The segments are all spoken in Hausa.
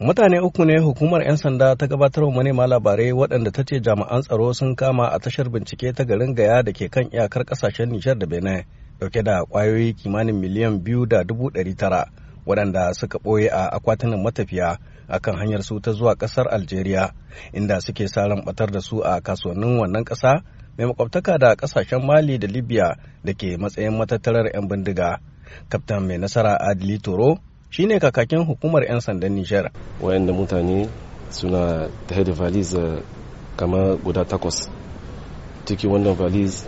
Mutane uku ne hukumar 'yan sanda ta gabatar wa manema labarai waɗanda ta ce jami'an tsaro sun kama a tashar bincike ta garin Gaya da ke kan iyakar ƙasashen Nijar da Benin dauke da kwayoyi kimanin miliyan biyu da dubu ɗari tara waɗanda suka ɓoye a akwatunan matafiya akan hanyar su ta zuwa ƙasar Algeria inda suke sa ran ɓatar da su a kasuwannin wannan ƙasa mai makwabtaka da ƙasashen Mali da Libya da ke matsayin matattarar 'yan bindiga. Kaftan mai nasara Adili Toro shine kakakin hukumar 'yan sandan Nijar. Wayanda mutane suna ta da valiz eh, kamar guda takwas. Ciki wannan valiz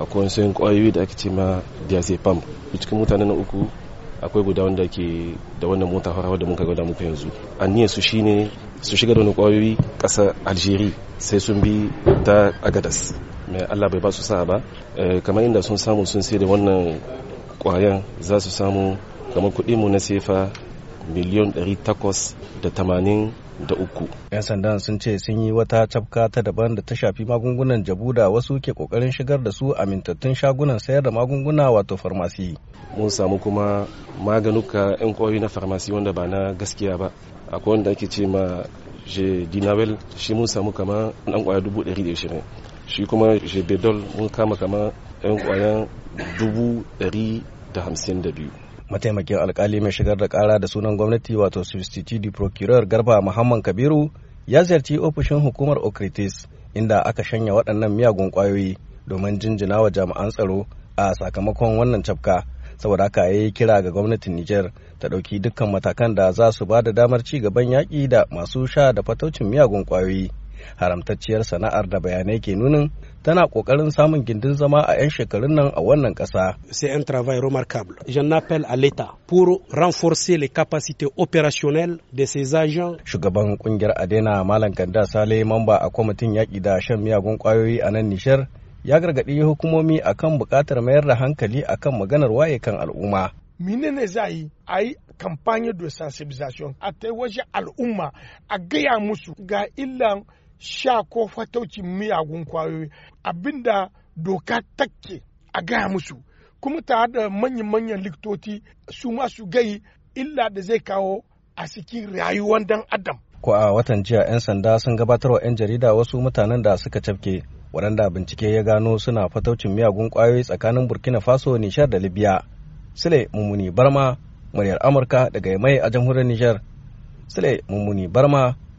akwai sayan kwayoyi da ake ce ma diazepam. Cikin na uku akwai guda wanda ke da wannan mota fara da muka gwada muka yanzu aniyar su shine su shiga da wani kwayoyi ƙasa algeria sai sun bi ta agadas mai allah bai ba su sa ba eh, kamar inda sun samu sun sai da wannan kwayan za su samu kamar kuɗi mu na sefa miliyon 880 da uku. 'Yan sandan sun ce sun yi wata cafka ta daban da ta shafi magungunan jabu da wasu ke kokarin shigar da su amintattun shagunan sayar da magunguna wato farmasi. Mun samu kuma maganuka 'yan kwayoyi na farmasi wanda ba na gaskiya ba. Akwai wanda ake ce ma je dinawel shi mun samu kama ɗan kwaya dubu ɗari da ishirin. Shi kuma je bedol mun kama kama 'yan kwaya dubu ɗari da hamsin da biyu. mataimakin alkali mai shigar da kara da sunan gwamnati wato substitute procureur garba muhammad kabiru ya ziyarci ofishin hukumar okritis inda aka shanya waɗannan miyagun ƙwayoyi domin jinjina wa jami'an tsaro a sakamakon wannan cafka saboda haka ya yi kira ga gwamnatin niger ta ɗauki dukkan matakan da za su ba da damar ci gaban yaƙi da masu sha da fataucin miyagun ƙwayoyi haramtacciyar sana'ar da bayanai ke nunin tana kokarin samun gindin zama a 'yan shekarun nan a wannan kasa. C'est un travail remarquable. Je n'appelle à l'État pour renforcer les capacités opérationnelles de ses agents. Shugaban kungiyar Adena Malam Kanda Sale mamba a kwamitin yaƙi da shan miyagun ƙwayoyi a nan Nishar ya gargaɗi hukumomi akan buƙatar mayar da hankali akan maganar waye kan al'umma. ne za yi a yi campagne de sensibilisation a ta waje al'umma a gaya musu ga illan sha ko fataucin miyagun kwayoyi abinda doka take a gaya musu kuma tare da manyan-manyan likitoci su masu gai illa da zai kawo a cikin rayuwar dan adam ko a watan jiya 'yan sanda sun gabatar wa 'yan jarida wasu mutanen da suka cafke waɗanda bincike ya gano suna fataucin miyagun kwayoyi tsakanin burkina faso nishar da libya sule mummuni barma muryar amurka daga mai a jamhuriyar nishar sule mummuni barma